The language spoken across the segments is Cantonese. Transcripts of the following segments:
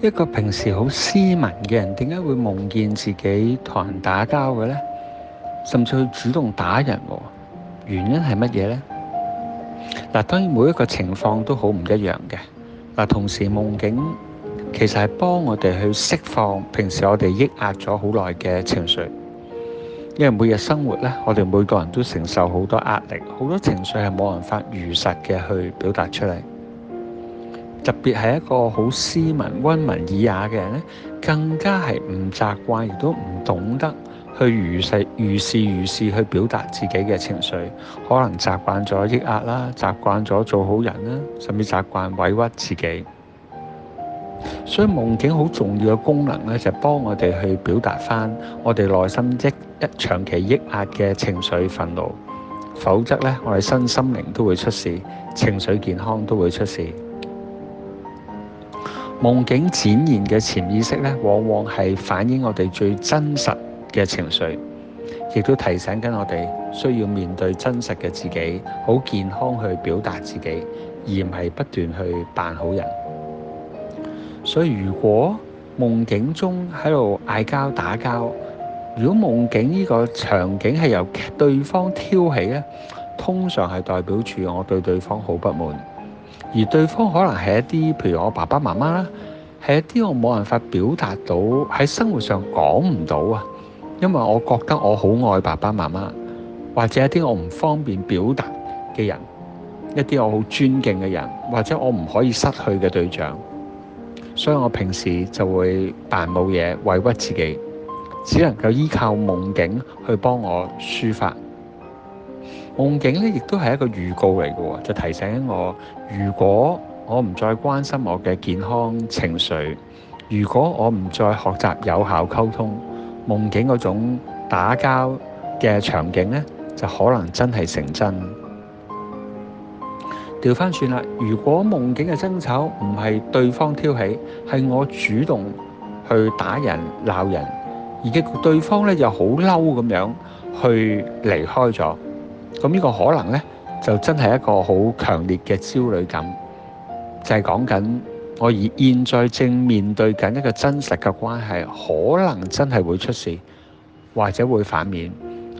一個平時好斯文嘅人，點解會夢見自己同人打交嘅呢？甚至去主動打人喎？原因係乜嘢呢？嗱，當然每一個情況都好唔一樣嘅。嗱，同時夢境其實係幫我哋去釋放平時我哋抑壓咗好耐嘅情緒，因為每日生活咧，我哋每個人都承受好多壓力，好多情緒係冇辦法如實嘅去表達出嚟。特別係一個好斯文、温文爾雅嘅人咧，更加係唔習慣，亦都唔懂得去如是如是如是去表達自己嘅情緒。可能習慣咗抑壓啦，習慣咗做好人啦，甚至習慣委屈自己。所以夢境好重要嘅功能咧，就是、幫我哋去表達翻我哋內心一一長期抑壓嘅情緒憤怒。否則咧，我哋身心靈都會出事，情緒健康都會出事。夢境展現嘅潛意識咧，往往係反映我哋最真實嘅情緒，亦都提醒緊我哋需要面對真實嘅自己，好健康去表達自己，而唔係不斷去扮好人。所以，如果夢境中喺度嗌交打交，如果夢境呢個場景係由對方挑起咧，通常係代表住我對對方好不滿。而對方可能係一啲，譬如我爸爸媽媽啦，係一啲我冇辦法表達到，喺生活上講唔到啊，因為我覺得我好愛爸爸媽媽，或者一啲我唔方便表達嘅人，一啲我好尊敬嘅人，或者我唔可以失去嘅對象，所以我平時就會扮冇嘢委屈自己，只能夠依靠夢境去幫我抒發。夢境咧，亦都係一個預告嚟嘅喎，就提醒我：如果我唔再關心我嘅健康情緒，如果我唔再學習有效溝通，夢境嗰種打交嘅場景咧，就可能真係成真。調翻轉啦，如果夢境嘅爭吵唔係對方挑起，係我主動去打人鬧人，而結局對方咧又好嬲咁樣去離開咗。咁呢個可能呢，就真係一個好強烈嘅焦慮感，就係講緊我而現在正面對緊一個真實嘅關係，可能真係會出事，或者會反面，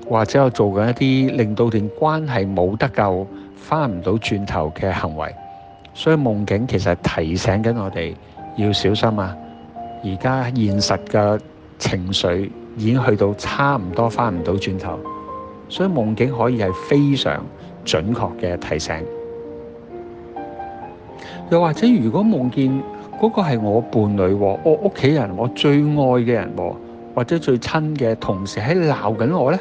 或者我做緊一啲令到段關係冇得救、翻唔到轉頭嘅行為。所以夢境其實提醒緊我哋要小心啊！而家現實嘅情緒已經去到差唔多翻唔到轉頭。所以夢境可以係非常準確嘅提醒。又或者，如果夢見嗰個係我伴侶、我屋企人、我最愛嘅人，或者最親嘅同事喺鬧緊我呢，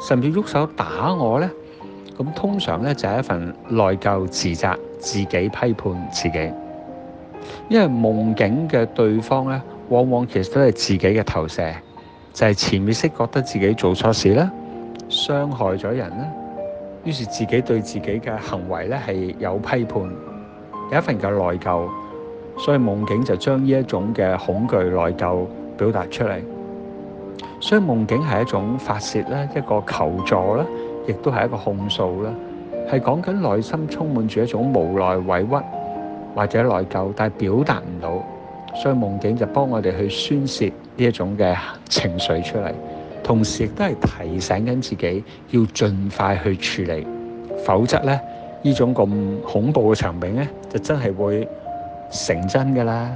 甚至喐手打我呢。咁通常呢，就係一份內疚、自責、自己批判自己。因為夢境嘅對方呢，往往其實都係自己嘅投射，就係潛意識覺得自己做錯事啦。傷害咗人呢，於是自己對自己嘅行為呢係有批判，有一份嘅內疚，所以夢境就將呢一種嘅恐懼、內疚表達出嚟。所以夢境係一種發泄啦，一個求助啦，亦都係一個控訴啦，係講緊內心充滿住一種無奈、委屈或者內疚，但係表達唔到，所以夢境就幫我哋去宣洩呢一種嘅情緒出嚟。同時亦都係提醒緊自己要盡快去處理，否則呢呢呢種咁恐怖嘅場景呢，就真係會成真㗎喇。